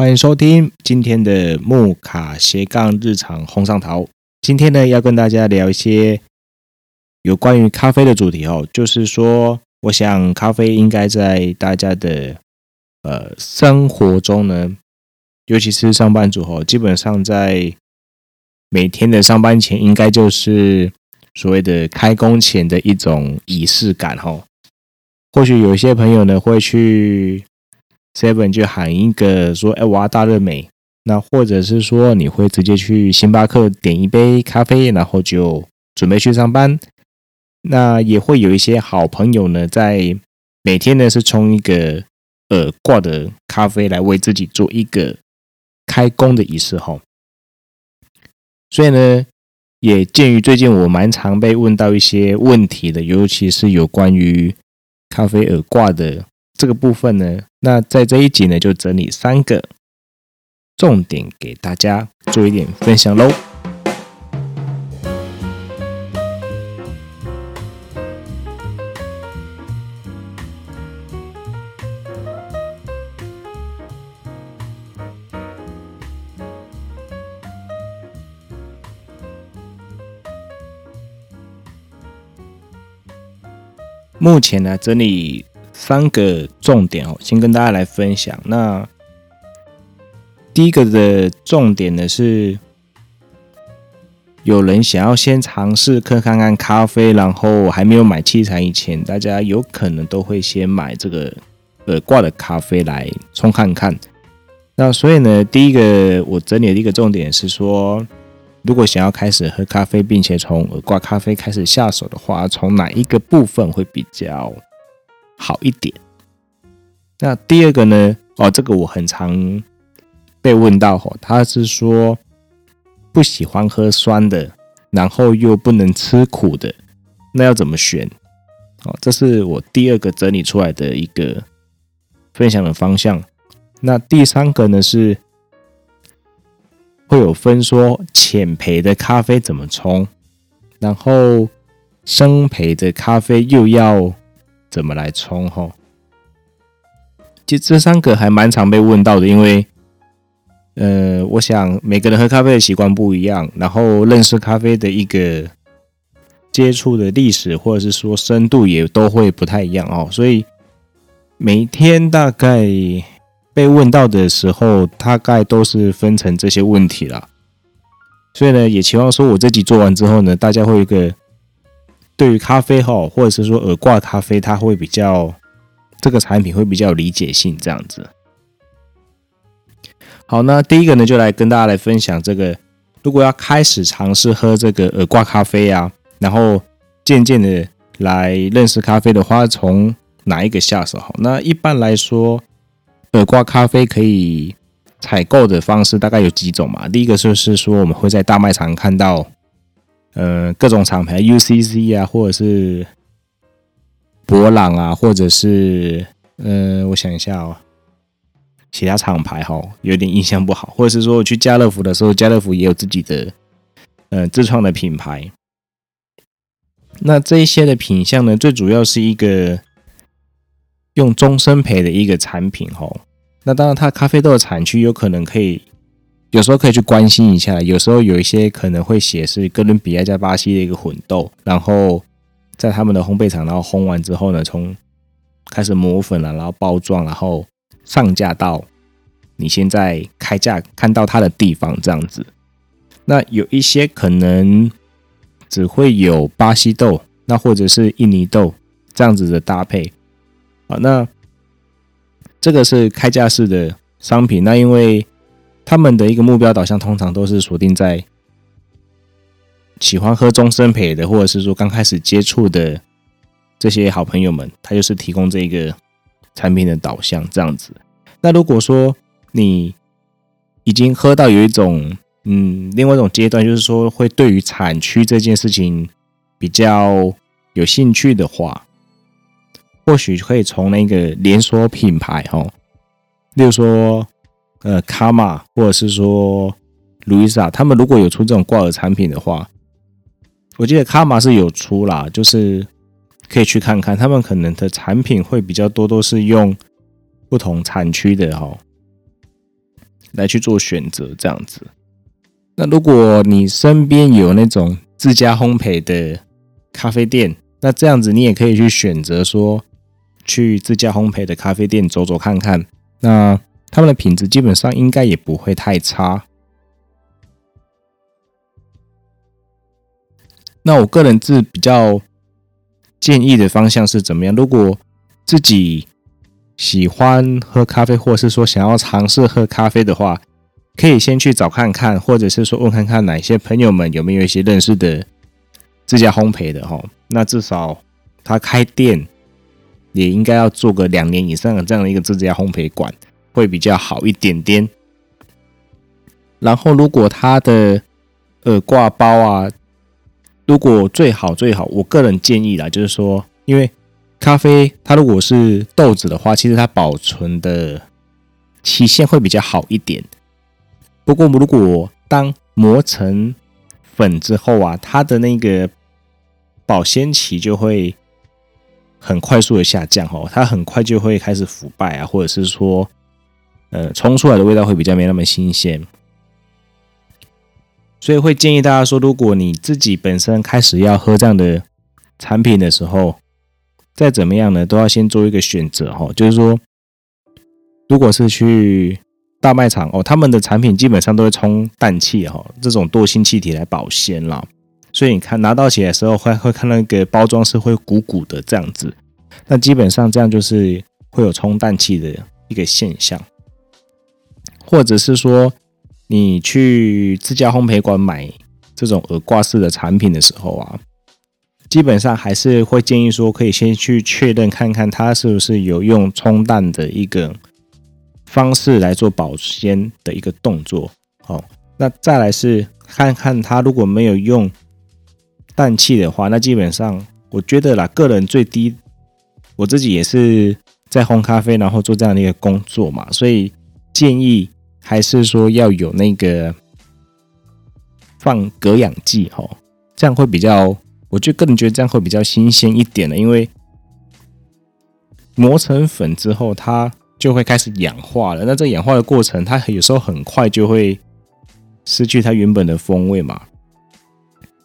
歡迎收聽今天的木卡斜槓日常紅上桃。今天呢，要跟大家聊一些有關於咖啡的主題哦。就是說，我想咖啡應該在大家的呃生活中呢，尤其是上班族哦，基本上在每天的上班前，應該就是所謂的開工前的一種儀式感哦。或許有一些朋友呢，會去。seven 就喊一個說，哎，我要大熱美。那或者是說，你會直接去星巴克點一杯咖啡，然後就準備去上班。那也會有一些好朋友呢，在每天呢是沖一個耳掛的咖啡來為自己做一個開工的儀式吼。所以呢，也鑒於最近我蠻常被問到一些問題的，尤其是有關於咖啡耳掛的。這個部分呢，那在這一集呢，就整理三個重點給大家做一點分享嘍。目前呢，這裡。三個重點哦，先跟大家來分享。那第一個的重點呢是，有人想要先嘗試喝看看咖啡，然後還沒有買器材以前，大家有可能都會先買這個耳掛的咖啡來沖看看。那所以呢，第一個我整理的一個重點是說，如果想要開始喝咖啡，并且從耳掛咖啡開始下手的話，從哪一個部分會比較？好一點。那第二個呢？哦，這個我很常被問到哦，他是說不喜歡喝酸的，然後又不能吃苦的，那要怎麼選？哦，這是我第二個整理出來的一個分享的方向。那第三個呢？是會有分說淺焙的咖啡怎麼沖，然後深焙的咖啡又要。怎麼來沖吼？其實這三個還蠻常被問到的，因為呃，我想每個人喝咖啡的習慣不一樣，然後認識咖啡的一個接觸的歷史或者是說深度也都會不太一樣哦，所以每天大概被問到的時候，大概都是分成這些問題啦。所以呢，也期望說我這集做完之後呢，大家會一個。對於咖啡哈，或者是說耳掛咖啡，它會比較這個產品會比較有理解性這樣子。好，那第一個呢，就來跟大家來分享這個，如果要開始嘗試喝這個耳掛咖啡啊，然後漸漸的來認識咖啡的話，從哪一個下手好？那一般來說，耳掛咖啡可以採購的方式大概有幾種嘛？第一個就是說，我們會在大賣場看到。呃，各種廠牌，UCC 啊，或者是博朗啊，或者是，呃，我想一下哦、喔，其他廠牌哈，有點印象不好。或者是說，我去家樂福的時候，家樂福也有自己的，呃，自創的品牌。那這一些的品項呢，最主要是一個用中深焙的一個產品哈。那當然，它咖啡豆的產區有可能可以。有時候可以去關心一下，有時候有一些可能會寫是哥倫比亞加巴西的一個混豆，然後在他們的烘焙廠，然後烘完之後呢，從開始磨粉了，然後包裝，然後上架到你現在開架看到它的地方這樣子。那有一些可能只會有巴西豆，那或者是印尼豆這樣子的搭配。啊，那這個是開架式的商品，那因為。他們的一個目標導向通常都是鎖定在喜歡喝中深焙的，或者是說剛開始接觸的這些好朋友們，他就是提供這個產品的導向這樣子。那如果說你已經喝到有一種，嗯，另外一種階段，就是說會對於產區這件事情比較有興趣的話，或許可以從那個連鎖品牌哈，例如說。呃，卡瑪或者是說，路易莎，他們如果有出這種掛耳產品的話，我記得卡瑪是有出啦，就是可以去看看，他們可能的產品會比較多，都是用不同產區的齁，來去做選擇這樣子。那如果你身邊有那種自家烘焙的咖啡店，那這樣子你也可以去選擇說，去自家烘焙的咖啡店走走看看，那。他們的品質基本上應該也不會太差。那我個人是比較建議的方向是怎麼樣？如果自己喜歡喝咖啡，或是說想要嘗試喝咖啡的話，可以先去找看看，或者是說問看看哪些朋友們有沒有一些認識的自家烘焙的齁。那至少他開店也應該要做個兩年以上的這樣的一個自家烘焙館。會比較好一點點。然後，如果它的耳掛包啊，如果最好最好，我個人建議啦，就是說，因為咖啡它如果是豆子的話，其實它保存的期限會比較好一點。不過，如果當磨成粉之後啊，它的那個保鮮期就會很快速的下降哦，它很快就會開始腐敗啊，或者是說。呃，沖出來的味道會比較沒那麼新鮮，所以會建議大家說，如果你自己本身開始要喝這樣的產品的時候，再怎麼樣呢，都要先做一個選擇哈、哦。就是說，如果是去大賣場哦，他們的產品基本上都會充氮氣哈、哦，這種惰性氣體來保鮮啦。所以你看拿到起來的時候會，會會看那個包裝是會鼓鼓的這樣子，那基本上這樣就是會有充氮氣的一個現象。或者是說，你去自家烘焙館買這種耳掛式的產品的時候啊，基本上還是會建議說，可以先去確認看看它是不是有用充氮的一個方式來做保鮮的一個動作。哦，那再來是看看它如果沒有用氮氣的話，那基本上我覺得啦，個人最低我自己也是在烘咖啡，然後做這樣的一個工作嘛，所以建議。還是說要有那個放隔氧劑哈，這樣會比較，我就更覺得這樣會比較新鮮一點的。因為磨成粉之後，它就會開始氧化了。那這氧化的過程，它有時候很快就會失去它原本的風味嘛。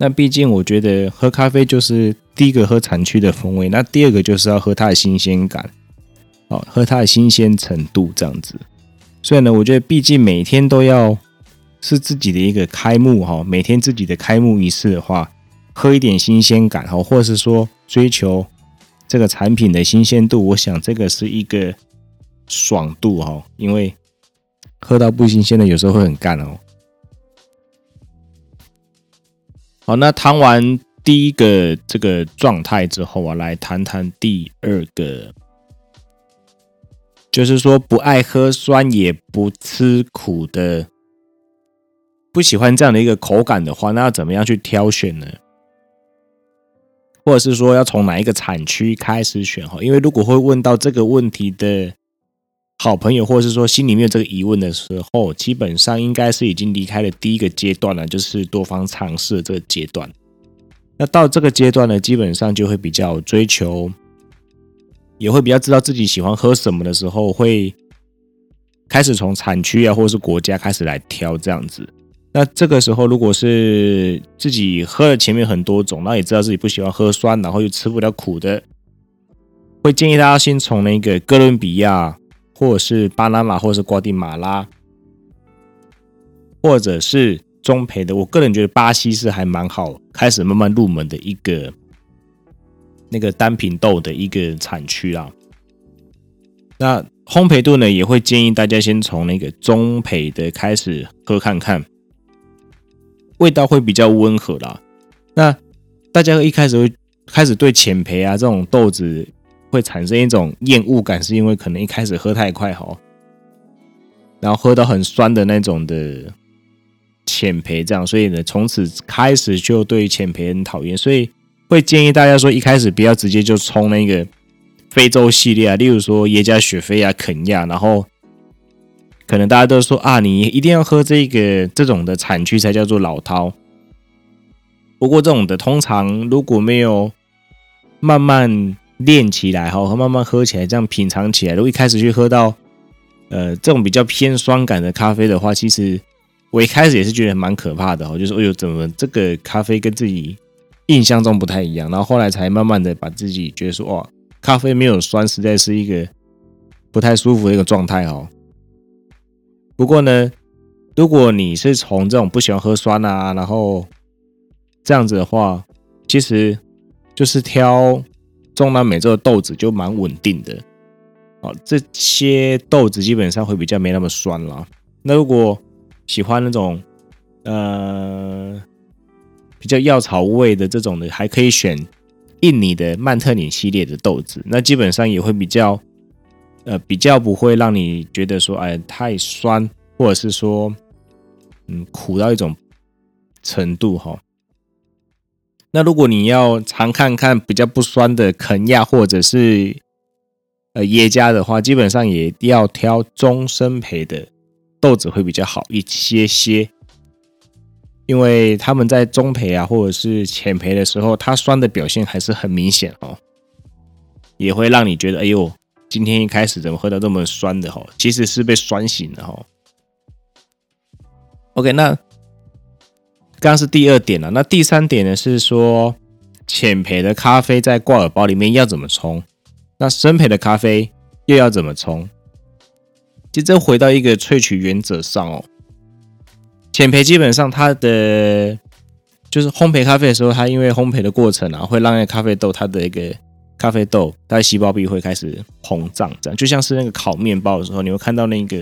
那畢竟我覺得喝咖啡就是第一個喝產區的風味，那第二個就是要喝它的新鮮感，哦，喝它的新鮮程度這樣子。所以呢，我覺得畢竟每天都要是自己的一個開幕哈，每天自己的開幕儀式的話，喝一點新鮮感哈，或者是說追求這個產品的新鮮度，我想這個是一個爽度哈，因為喝到不新鮮的有時候會很乾哦。好，那談完第一個這個狀態之後，我來談談第二個。就是說不愛喝酸也不吃苦的，不喜歡這樣的一個口感的話，那要怎麼樣去挑選呢？或者是說要從哪一個產區開始選哈？因為如果會問到這個問題的好朋友，或者是說心裡面有這個疑問的時候，基本上應該是已經離開了第一個階段了，就是多方嘗試的這個階段。那到這個階段呢，基本上就會比較追求。也會比較知道自己喜歡喝什麼的時候，會開始從產區啊，或者是國家開始來挑這樣子。那這個時候，如果是自己喝了前面很多種，那也知道自己不喜歡喝酸，然後又吃不了苦的，會建議大家先從那個哥倫比亞，或者是巴拿馬，或者是瓜地馬拉，或者是中焙的。我個人覺得巴西是還蠻好，開始慢慢入門的一個。那個單品豆的一個產區啊，那烘焙度呢，也會建議大家先從那個中焙的開始喝看看，味道會比較溫和啦。那大家一開始會開始對淺焙啊這種豆子會產生一種厭惡感，是因為可能一開始喝太快吼，然後喝到很酸的那種的淺焙這樣，所以呢，從此開始就對淺焙很討厭，所以。會建議大家說，一開始不要直接就沖那個非洲系列啊，例如說耶加雪菲啊、肯亞，然後可能大家都說啊，你一定要喝這個這種的產區才叫做老饕。不過這種的通常，如果沒有慢慢練起來哈，慢慢喝起來，這樣品嘗起來，如果一開始去喝到呃這種比較偏酸感的咖啡的話，其實我一開始也是覺得蠻可怕的，我就說，哎呦，怎麼這個咖啡跟自己印象中不太一樣，然後後來才慢慢的把自己覺得說，哇，咖啡沒有酸，實在是一個不太舒服的一個狀態哦。不過呢，如果你是從這種不喜歡喝酸啊，然後這樣子的話，其實就是挑中南美洲的豆子就蠻穩定的。哦，這些豆子基本上會比較沒那麼酸啦。那如果喜歡那種，嗯，呃比較藥草味的這種的，還可以選印尼的曼特寧系列的豆子，那基本上也會比較，呃，比較不會讓你覺得說，哎，太酸，或者是說，嗯，苦到一種程度哈。那如果你要嘗看看比較不酸的肯亞或者是呃耶加的話，基本上也要挑中深焙的豆子會比較好一些些。因為他們在中焙啊，或者是淺焙的時候，它酸的表現還是很明顯哦，也會讓你覺得哎呦，今天一開始怎麼喝到這麼酸的哈、哦？其實是被酸醒的哈、哦。OK，那剛剛是第二點了，那第三點呢是說，淺焙的咖啡在掛耳包裡面要怎麼沖？那深焙的咖啡又要怎麼沖？接著回到一個萃取原則上哦。淺焙基本上它的就是烘焙咖啡的時候，它因為烘焙的過程啊，會讓那個咖啡豆它的一個咖啡豆它的細胞壁會開始膨脹，這樣就像是那個烤麵包的時候，你會看到那個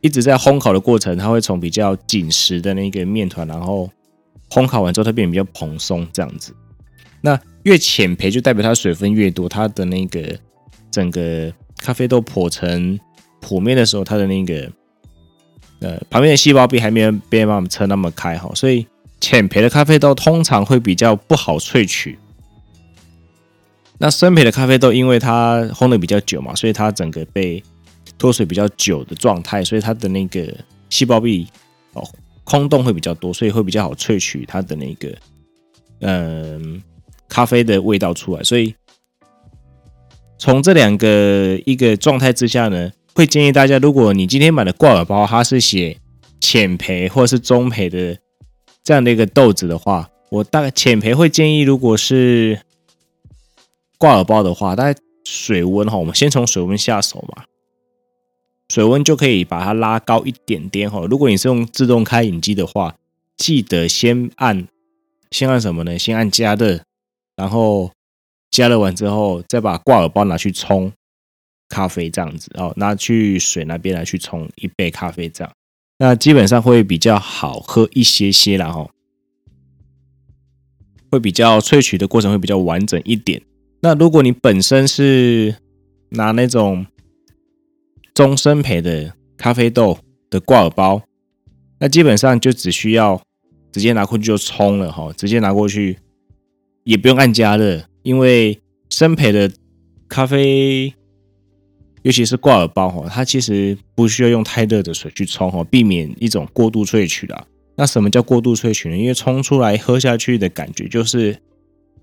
一直在烘烤的過程，它會從比較緊實的那個麵糰，然後烘烤完之後它變得比較蓬鬆這樣子。那越淺焙就代表它水分越多，它的那個整個咖啡豆剖成剖面的時候，它的那個。呃，旁邊的細胞壁還沒有被幫我們撐那麼開哈，所以淺焙的咖啡豆通常會比較不好萃取。那深焙的咖啡豆，因為它烘得比較久嘛，所以它整個被脫水比較久的狀態，所以它的那個細胞壁哦空洞會比較多，所以會比較好萃取它的那個嗯、呃、咖啡的味道出來。所以從這兩個一個狀態之下呢。會建議大家，如果你今天買的掛耳包它是寫淺焙或者是中焙的這樣的一個豆子的話，我大概淺焙會建議，如果是掛耳包的話，大概水溫的話我們先從水溫下手嘛。水溫就可以把它拉高一點點哈。如果你是用自動開飲機的話，記得先按先按什麼呢？先按加熱，然後加熱完之後再把掛耳包拿去沖。咖啡這樣子哦，拿去水那邊來去沖一杯咖啡這樣，那基本上會比較好喝一些些啦吼，會比較萃取，的過程會比較完整一點。那如果你本身是拿那種中深焙的咖啡豆的掛耳包，那基本上就只需要直接拿過去就沖了哈，直接拿過去也不用按加熱，因為深焙的咖啡。尤其是掛耳包哦，它其實不需要用太熱的水去沖哦，避免一種過度萃取的。那什麼叫過度萃取呢？因為沖出來喝下去的感覺就是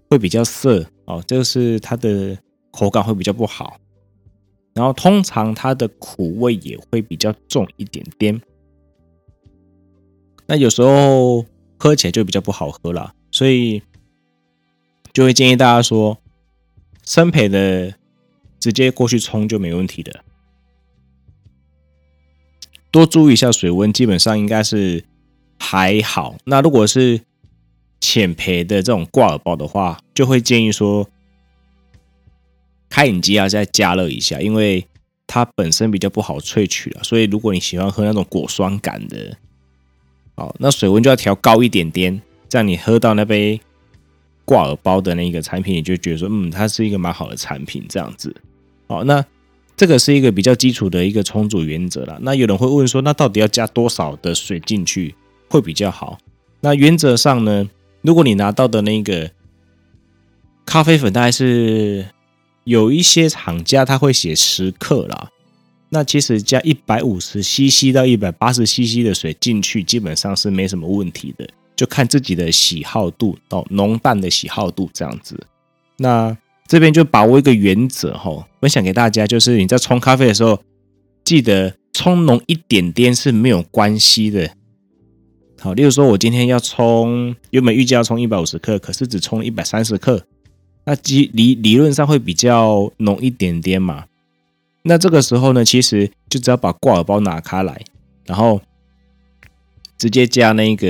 會比較澀哦，這、就是它的口感會比較不好。然後通常它的苦味也會比較重一點點。那有時候喝起來就比較不好喝了，所以就會建議大家說深焙的。直接過去沖就沒問題的。多注意一下水溫，基本上應該是還好。那如果是淺焙的這種掛耳包的話，就會建議說開飲機要再加熱一下，因為它本身比較不好萃取啊。所以如果你喜歡喝那種果酸感的，哦，那水溫就要調高一點點，這樣你喝到那杯掛耳包的那個產品，你就覺得說，嗯，它是一個蠻好的產品，這樣子。好、哦，那這個是一個比較基礎的一個沖煮原則啦。那有人會問說，那到底要加多少的水進去會比較好？那原則上呢，如果你拿到的那個咖啡粉，大概是有一些廠家他會寫十克啦，那其實加一百五十 CC 到一百八十 CC 的水進去，基本上是沒什麼問題的，就看自己的喜好度到哦、濃淡的喜好度這樣子。那這邊就把握一個原則哈，分享給大家，就是你在沖咖啡的時候，記得沖濃一點點是沒有關係的。好，例如說我今天要沖，原本預計要沖一百五十克，可是只沖一百三十克，那即理理論上會比較濃一點點嘛？那這個時候呢，其實就只要把掛耳包拿開來，然後直接加那個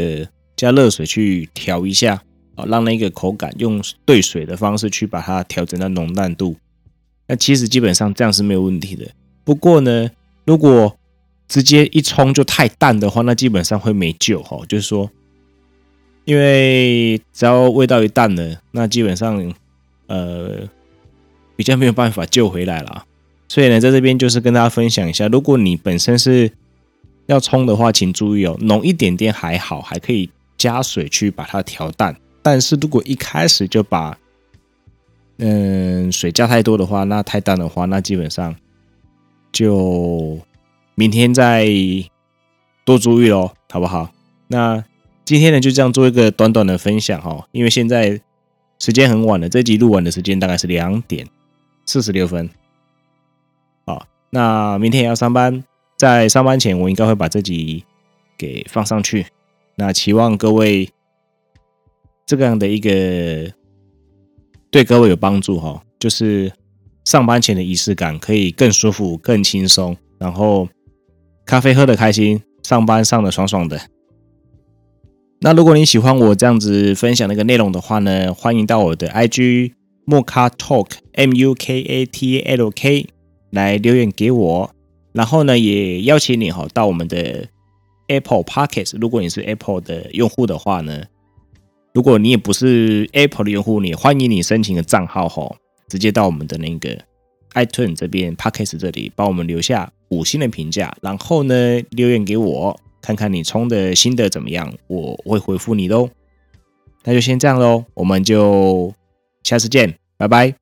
加熱水去調一下。啊，讓那個口感用兌水的方式去把它調整到濃淡度。那其實基本上這樣是沒有問題的。不過呢，如果直接一沖就太淡的話，那基本上會沒救哈。就是說，因為只要味道一淡了，那基本上呃比較沒有辦法救回來啦。所以呢，在這邊就是跟大家分享一下，如果你本身是要沖的話，請注意哦，濃一點點還好，還可以加水去把它調淡。但是如果一開始就把嗯水加太多的話，那太淡的話，那基本上就明天再多注意咯，好不好？那今天呢，就這樣做一個短短的分享哈，因為現在時間很晚了，這集錄完的時間大概是兩點四十六分。好，那明天也要上班，在上班前我應該會把這集給放上去。那期望各位。這個樣的一個對各位有幫助哈,就是上班前的儀式感可以更舒服、更輕鬆，然後咖啡喝得開心，上班上得爽爽的。那如果你喜歡我這樣子分享那個內容的話呢，歡迎到我的 IG Mukatalk M U K A T L K 來留言給我，然後呢也邀請你哈，到我們的 Apple Podcasts，如果你是 Apple 的用戶的話呢。如果你也不是 Apple 的用戶，你歡迎你申請個賬號吼，直接到我們的那個 iTunes 這邊，Podcast 這裡幫我們留下五星的評價，然後呢留言給我，看看你充的心得怎麼樣，我會回覆你哦。那就先這樣嘍，我們就下次見，拜拜。